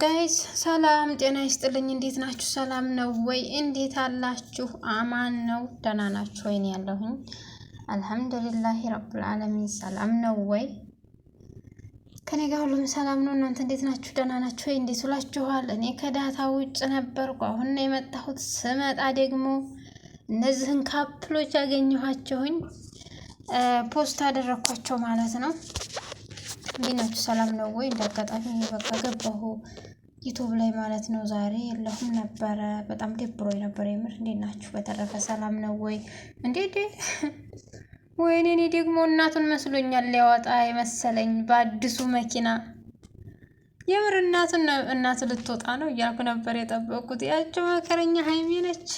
ጋይዝ ሰላም ጤና ይስጥልኝ። እንዴት ናችሁ? ሰላም ነው ወይ? እንዴት አላችሁ? አማን ነው? ደህና ናችሁ ወይ? ነው ያለሁኝ። አልሐምዱሊላሂ ረብል ዓለሚን። ሰላም ነው ወይ? ከኔ ጋር ሁሉም ሰላም ነው። እናንተ እንዴት ናችሁ? ደህና ናችሁ ወይ? እንዴት ውላችኋል? እኔ ከዳታ ውጭ ነበርኩ። አሁን ነው የመጣሁት። ስመጣ ደግሞ እነዚህን ካፕሎች ያገኘኋቸውኝ ፖስት አደረኳቸው ማለት ነው። እንዲናችሁ ሰላም ነው ወይ? እንደ አጋጣሚ በቃ ገባሁ ዩቱብ ላይ ማለት ነው። ዛሬ የለሁም ነበረ፣ በጣም ደብሮ ነበረ የምር። እንዲናችሁ በተረፈ ሰላም ነው ወይ? እንዴዴ ወይኔ፣ እኔ ደግሞ እናቱን መስሎኛል ሊያወጣ የመሰለኝ በአዲሱ መኪና። የምር እናቱን እናት ልትወጣ ነው እያልኩ ነበር የጠበቁት። ያቸው መከረኛ ሀይሜ ነች።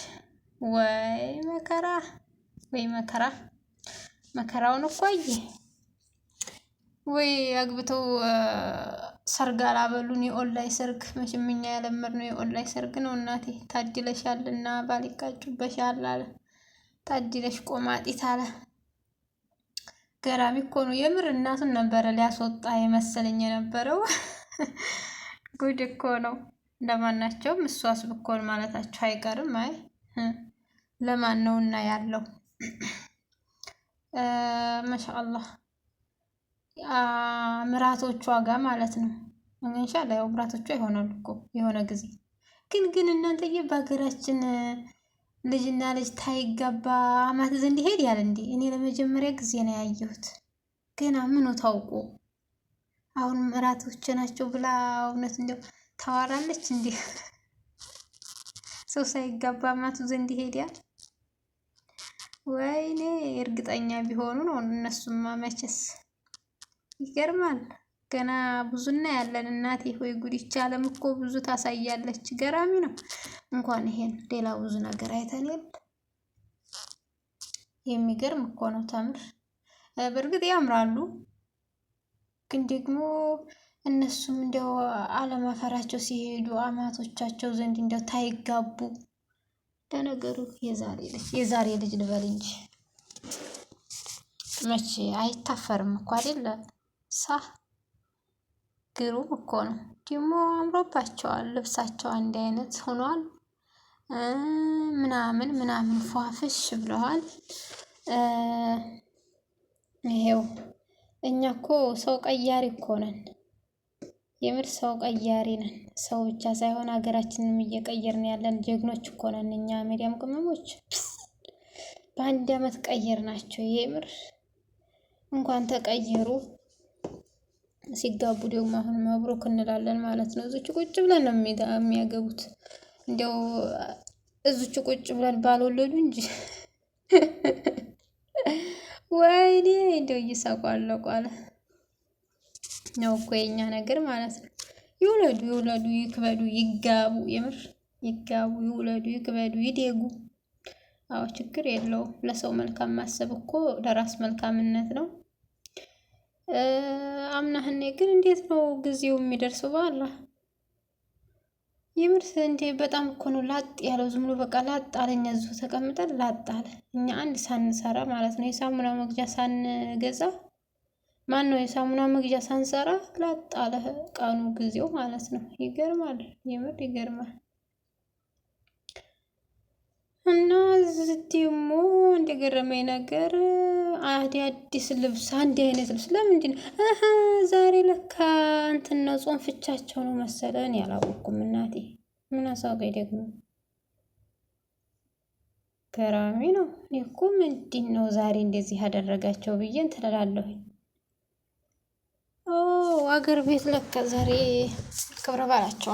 ወይ መከራ፣ ወይ መከራ፣ መከራውን እኳየ ወይ አግብተው ሰርግ አላበሉን። የኦንላይን ሰርግ መቼም እኛ ያለመድነው የኦንላይን ሰርግ ነው። እናቴ ታድለሻል እና ባል አለ። ታድለሽ ቆማጢት አለ። ገራሚ እኮ ነው የምር። እናቱን ነበረ ሊያስወጣ የመሰለኝ የነበረው። ጉድ እኮ ነው። ለማናቸውም እሷ አስብኮን ማለታቸው አይቀርም። አይ ለማን ነውና ያለው ማሻአላህ ምራቶቿ ጋር ማለት ነው። እንሻላ ያው ምራቶቿ ይሆናሉ እኮ የሆነ ጊዜ ግን ግን እናንተዬ በሀገራችን ልጅና ልጅ ታይገባ አማት ዘንድ ይሄድ ያል እንዴ? እኔ ለመጀመሪያ ጊዜ ነው ያየሁት። ገና ምኑ ታውቁ አሁን ምራቶች ናቸው ብላ እውነት እንዲያው ታዋራለች እንዴ? ሰው ሳይጋባ አማቱ ዘንድ ይሄድ ያል ወይኔ! እርግጠኛ ቢሆኑ ነው እነሱማ መቼስ ይገርማል። ገና ብዙ ያለን እናቴ ሆይ ጉዲቻ አለም እኮ ብዙ ታሳያለች። ገራሚ ነው። እንኳን ይሄን ሌላ ብዙ ነገር አይተን የለ። የሚገርም እኮ ነው። ተምር በእርግጥ ያምራሉ፣ ግን ደግሞ እነሱም እንደው አለማፈራቸው ሲሄዱ አማቶቻቸው ዘንድ እንደው ታይጋቡ። ለነገሩ የዛሬ ልጅ የዛሬ ልጅ ልበል እንጂ መቼ አይታፈርም እኮ አይደለ ሳ ግሩም እኮ ነው ደግሞ አምሮባቸዋል። ልብሳቸው አንድ አይነት ሆኗል። ምናምን ምናምን ፏፍሽ ብለዋል። ይሄው እኛ እኮ ሰው ቀያሪ እኮ ነን። የምር ሰው ቀያሪ ነን። ሰው ብቻ ሳይሆን ሀገራችንንም እየቀየርን ያለን ጀግኖች እኮ ነን። እኛ ሚዲያም ቅመሞች በአንድ አመት ቀየር ናቸው። የምር እንኳን ተቀየሩ ሲጋቡ ደግሞ አሁን መብሩክ እንላለን ማለት ነው። እዚች ቁጭ ብለን ነው የሚያገቡት። እንዲያው እዚች ቁጭ ብለን ባልወለዱ እንጂ ወይኔ እንዲያው እየሳቋለቋለ ነው እኮ የኛ ነገር ማለት ነው። ይውለዱ ይውለዱ፣ ይክበዱ፣ ይጋቡ፣ የምር ይጋቡ፣ ይውለዱ፣ ይክበዱ፣ ይደጉ። አዎ ችግር የለውም። ለሰው መልካም ማሰብ እኮ ለራስ መልካምነት ነው። አምናህኔ ግን እንዴት ነው ጊዜው የሚደርሰው? ባላ የምርስ እንዴ በጣም እኮ ነው ላጥ ያለው። ዝም ብሎ በቃ ላጥ አለ። እኛ እዚሁ ተቀምጠን ላጥ አለ። እኛ አንድ ሳንሰራ ማለት ነው የሳሙና መግዣ ሳንገዛ ማን ነው የሳሙና መግዣ ሳንሰራ ላጥ አለ ቀኑ ጊዜው ማለት ነው። ይገርማል፣ የምር ይገርማል። እና እዚህ ደግሞ እንደገረመኝ ነገር አዲስ ልብስ አንድ አይነት ልብስ ለምንድን ዛሬ ለካ እንትን ነው ጾም ፍቻቸው ነው መሰለን ያላወኩም እናቴ ምን አሳውቀኝ ደግሞ ገራሚ ነው እኔ እኮ ምንድን ነው ዛሬ እንደዚህ ያደረጋቸው ብዬ እንትን እላለሁኝ አገር ቤት ለካ ዛሬ ክብረ በዓላቸው